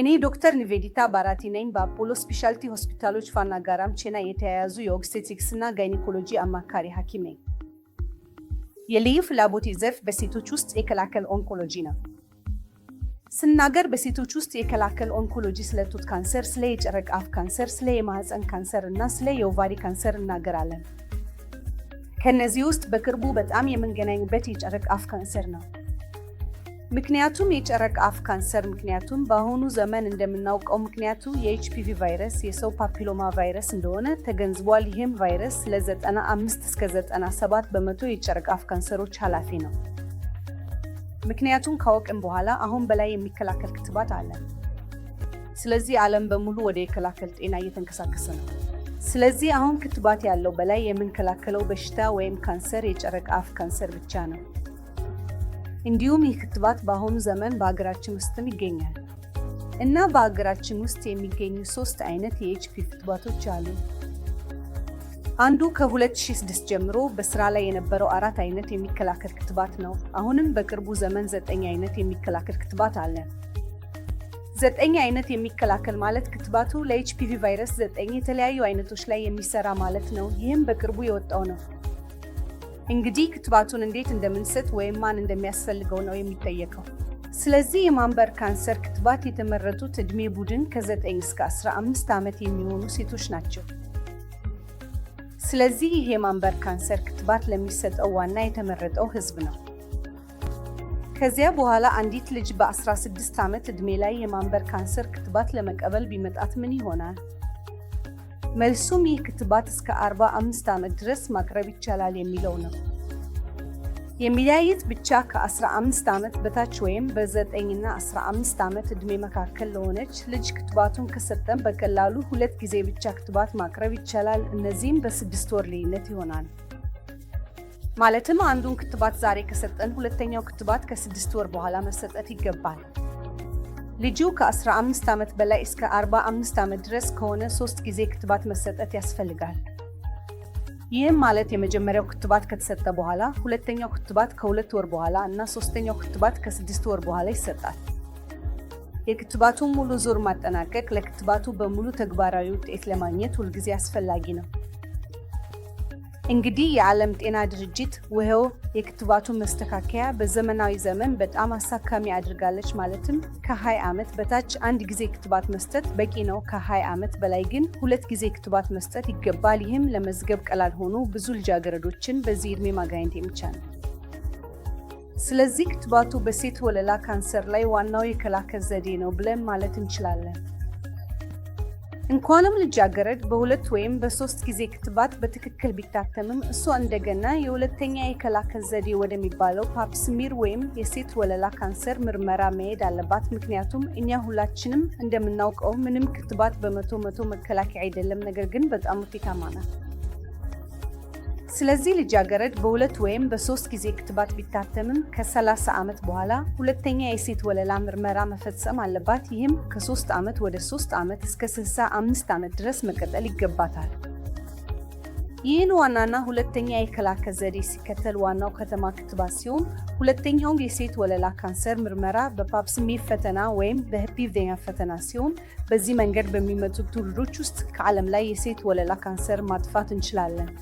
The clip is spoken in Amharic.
እኔ ዶክተር ኒቬዲታ ባራቲ ነኝ። በአፖሎ ስፔሻልቲ ሆስፒታሎች ፋና ቼና የተያያዙ የኦብስቴትሪክስ እና ጋይኒኮሎጂ አማካሪ ሐኪም ነኝ። የልዩ ፍላጎት ዘርፍ በሴቶች ውስጥ የከላከል ኦንኮሎጂ ነው። ስናገር በሴቶች ውስጥ የከላከል ኦንኮሎጂ ስለ ጡት ካንሰር፣ ስለ የጨረቅ አፍ ካንሰር፣ ስለ የማህፀን ካንሰር እና ስለ የኦቫሪ ካንሰር እናገራለን። ከእነዚህ ውስጥ በቅርቡ በጣም የምንገናኝበት የጨረቅ አፍ ካንሰር ነው። ምክንያቱም የጨረቃ አፍ ካንሰር ምክንያቱም በአሁኑ ዘመን እንደምናውቀው ምክንያቱ የኤችፒቪ ቫይረስ የሰው ፓፒሎማ ቫይረስ እንደሆነ ተገንዝቧል። ይህም ቫይረስ ለ95 እስከ 97 በመቶ የጨረቃ አፍ ካንሰሮች ኃላፊ ነው። ምክንያቱም ካወቅን በኋላ አሁን በላይ የሚከላከል ክትባት አለ። ስለዚህ ዓለም በሙሉ ወደ የከላከል ጤና እየተንቀሳቀሰ ነው። ስለዚህ አሁን ክትባት ያለው በላይ የምንከላከለው በሽታ ወይም ካንሰር የጨረቃ አፍ ካንሰር ብቻ ነው። እንዲሁም ይህ ክትባት በአሁኑ ዘመን በሀገራችን ውስጥም ይገኛል እና በሀገራችን ውስጥ የሚገኙ ሶስት አይነት የኤችፒቪ ክትባቶች አሉ። አንዱ ከ2006 ጀምሮ በስራ ላይ የነበረው አራት አይነት የሚከላከል ክትባት ነው። አሁንም በቅርቡ ዘመን ዘጠኝ አይነት የሚከላከል ክትባት አለ። ዘጠኝ አይነት የሚከላከል ማለት ክትባቱ ለኤችፒቪ ቫይረስ ዘጠኝ የተለያዩ አይነቶች ላይ የሚሰራ ማለት ነው። ይህም በቅርቡ የወጣው ነው። እንግዲህ ክትባቱን እንዴት እንደምንሰጥ ወይም ማን እንደሚያስፈልገው ነው የሚጠየቀው። ስለዚህ የማንበር ካንሰር ክትባት የተመረጡት ዕድሜ ቡድን ከ9 እስከ 15 ዓመት የሚሆኑ ሴቶች ናቸው። ስለዚህ ይህ የማንበር ካንሰር ክትባት ለሚሰጠው ዋና የተመረጠው ህዝብ ነው። ከዚያ በኋላ አንዲት ልጅ በ16 ዓመት ዕድሜ ላይ የማንበር ካንሰር ክትባት ለመቀበል ቢመጣት ምን ይሆናል? መልሱም ይህ ክትባት እስከ 45 ዓመት ድረስ ማቅረብ ይቻላል የሚለው ነው። የሚለያየት ብቻ ከ15 ዓመት በታች ወይም በ9ና 15 ዓመት ዕድሜ መካከል ለሆነች ልጅ ክትባቱን ከሰጠን በቀላሉ ሁለት ጊዜ ብቻ ክትባት ማቅረብ ይቻላል። እነዚህም በስድስት ወር ልዩነት ይሆናል። ማለትም አንዱን ክትባት ዛሬ ከሰጠን ሁለተኛው ክትባት ከስድስት ወር በኋላ መሰጠት ይገባል። ልጁ ከ15 ዓመት በላይ እስከ 45 ዓመት ድረስ ከሆነ ሶስት ጊዜ ክትባት መሰጠት ያስፈልጋል። ይህም ማለት የመጀመሪያው ክትባት ከተሰጠ በኋላ፣ ሁለተኛው ክትባት ከሁለት ወር በኋላ እና ሶስተኛው ክትባት ከስድስት ወር በኋላ ይሰጣል። የክትባቱ ሙሉ ዙር ማጠናቀቅ ለክትባቱ በሙሉ ተግባራዊ ውጤት ለማግኘት ሁልጊዜ አስፈላጊ ነው። እንግዲህ የዓለም ጤና ድርጅት ውሄው የክትባቱ መስተካከያ በዘመናዊ ዘመን በጣም አሳካሚ አድርጋለች። ማለትም ከ20 ዓመት በታች አንድ ጊዜ ክትባት መስጠት በቂ ነው። ከ20 ዓመት በላይ ግን ሁለት ጊዜ ክትባት መስጠት ይገባል። ይህም ለመዝገብ ቀላል ሆኖ ብዙ ልጃገረዶችን በዚህ ዕድሜ ማጋኘት የሚቻል ነው። ስለዚህ ክትባቱ በሴት ወለላ ካንሰር ላይ ዋናው የከላከል ዘዴ ነው ብለን ማለት እንችላለን። እንኳንም ልጃገረድ በሁለት ወይም በሶስት ጊዜ ክትባት በትክክል ቢታተምም እሷ እንደገና የሁለተኛ የከላከል ዘዴ ወደሚባለው ፓፕስሚር ወይም የሴት ወለላ ካንሰር ምርመራ መሄድ አለባት። ምክንያቱም እኛ ሁላችንም እንደምናውቀው ምንም ክትባት በመቶ መቶ መከላከያ አይደለም፣ ነገር ግን በጣም ውጤታማ ናት። ስለዚህ ልጃገረድ በሁለት ወይም በሶስት ጊዜ ክትባት ቢታተምም ከ30 ዓመት በኋላ ሁለተኛ የሴት ወለላ ምርመራ መፈጸም አለባት። ይህም ከ3 ዓመት ወደ 3 ዓመት እስከ 65 ዓመት ድረስ መቀጠል ይገባታል። ይህን ዋናና ሁለተኛ የከላከል ዘዴ ሲከተል ዋናው ከተማ ክትባት ሲሆን ሁለተኛው የሴት ወለላ ካንሰር ምርመራ በፓፕ ፈተና ወይም በህፒቭኛ ፈተና ሲሆን በዚህ መንገድ በሚመጡ ትውልዶች ውስጥ ከዓለም ላይ የሴት ወለላ ካንሰር ማጥፋት እንችላለን።